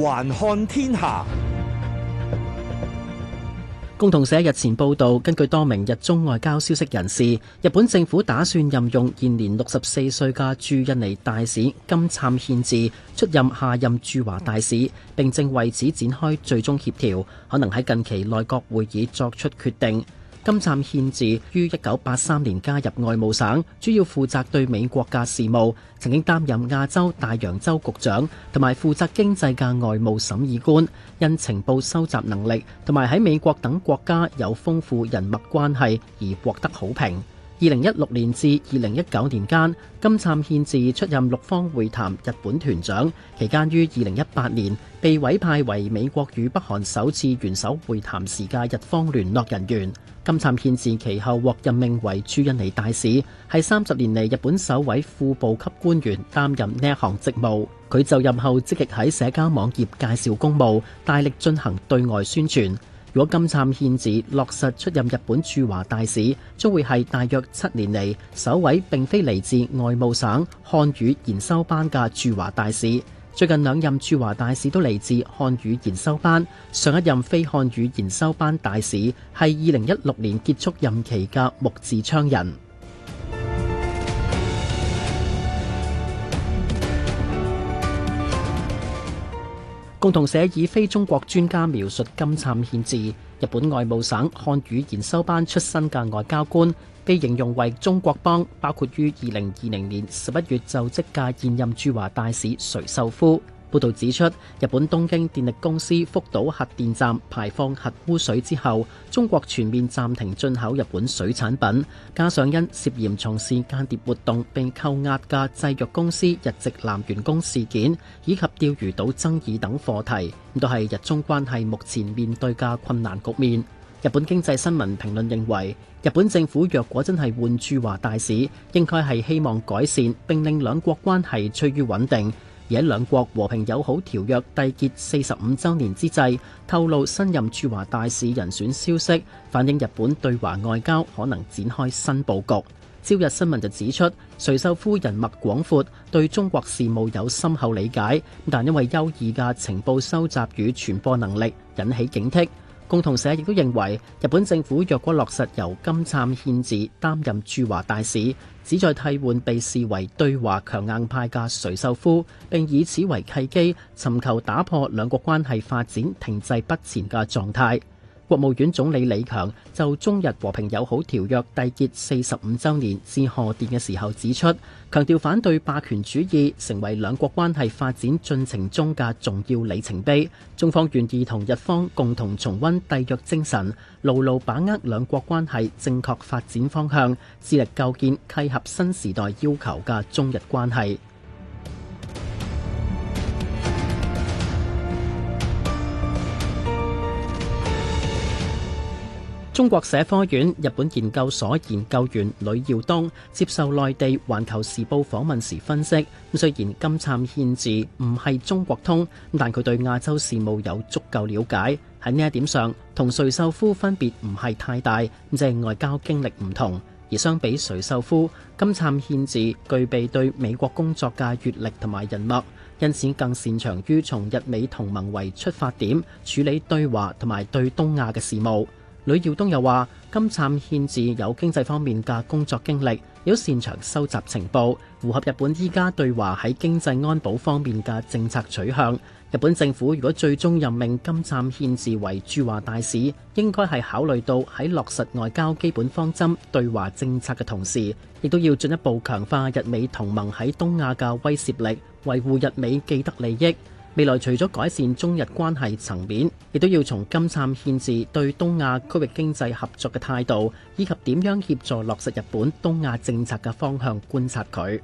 環看天下。共同社日前報道，根據多名日中外交消息人士，日本政府打算任用現年六十四歲嘅駐印尼大使金杉憲治出任下任駐華大使，並正為此展開最終協調，可能喺近期內閣會議作出決定。金杉憲治於一九八三年加入外務省，主要負責對美國嘅事務，曾經擔任亞洲、大洋洲局長，同埋負責經濟嘅外務審議官，因情報收集能力同埋喺美國等國家有豐富人脈關係而獲得好評。二零一六年至二零一九年間，金杉憲治出任六方會談日本團長，期間於二零一八年被委派為美國與北韓首次元首會談時嘅日方聯絡人員。金杉憲治其後獲任命為駐印尼大使，係三十年嚟日本首位副部級官員擔任呢一項職務。佢就任後積極喺社交網頁介紹公務，大力進行對外宣傳。如果金杉憲治落實出任日本駐華大使，將會係大約七年嚟首位並非嚟自外務省漢語研修班嘅駐華大使。最近兩任駐華大使都嚟自漢語研修班，上一任非漢語研修班大使係二零一六年結束任期嘅木寺昌人。共同社以非中國專家描述金杉憲治，日本外務省漢語研修班出身嘅外交官，被形容為中國幫，包括於二零二零年十一月就職嘅現任駐華大使垂秀夫。報道指出，日本東京電力公司福島核電站排放核污水之後，中國全面暫停進口日本水產品。加上因涉嫌從事間諜活動並扣押嘅製藥公司日籍男員工事件，以及釣魚島爭議等課題，都係日中關係目前面對嘅困難局面。日本經濟新聞評論認為，日本政府若果真係換駐華大使，應該，係希望改善並令兩國關係趨於穩定。而喺兩國和平友好條約締結四十五週年之際，透露新任駐華大使人選消息，反映日本對華外交可能展開新佈局。朝日新聞就指出，垂秀夫人脈廣闊，對中國事務有深厚理解，但因為優異嘅情報收集與傳播能力，引起警惕。共同社亦都認為，日本政府若果落實由金杉憲治擔任駐華大使，旨在替換被視為對華強硬派嘅垂秀夫，並以此為契機，尋求打破兩國關係發展停滯不前嘅狀態。國務院總理李強就中日和平友好條約締結四十五周年致賀電嘅時候指出，強調反對霸權主義成為兩國關係發展進程中嘅重要里程碑。中方願意同日方共同重温締約精神，牢牢把握兩國關係正確發展方向，致力構建契合新時代要求嘅中日關係。中國社科院日本研究所研究員呂耀東接受內地環球時報訪問時分析雖然金杉憲治唔係中國通但佢對亞洲事務有足夠了解喺呢一點上同垂秀夫分別唔係太大即係外交經歷唔同而相比垂秀夫金杉憲治具備對美國工作嘅閱歷同埋人脈因此更擅長於從日美同盟為出發點處理對華同埋對東亞嘅事務呂耀東又話：金杉憲治有經濟方面嘅工作經歷，又擅長收集情報，符合日本依家對華喺經濟安保方面嘅政策取向。日本政府如果最終任命金杉憲治為駐華大使，應該係考慮到喺落實外交基本方針、對華政策嘅同時，亦都要進一步強化日美同盟喺東亞嘅威懾力，維護日美既得利益。未來除咗改善中日關係層面，亦都要從金杉憲治對東亞區域經濟合作嘅態度，以及點樣協助落實日本東亞政策嘅方向觀察佢。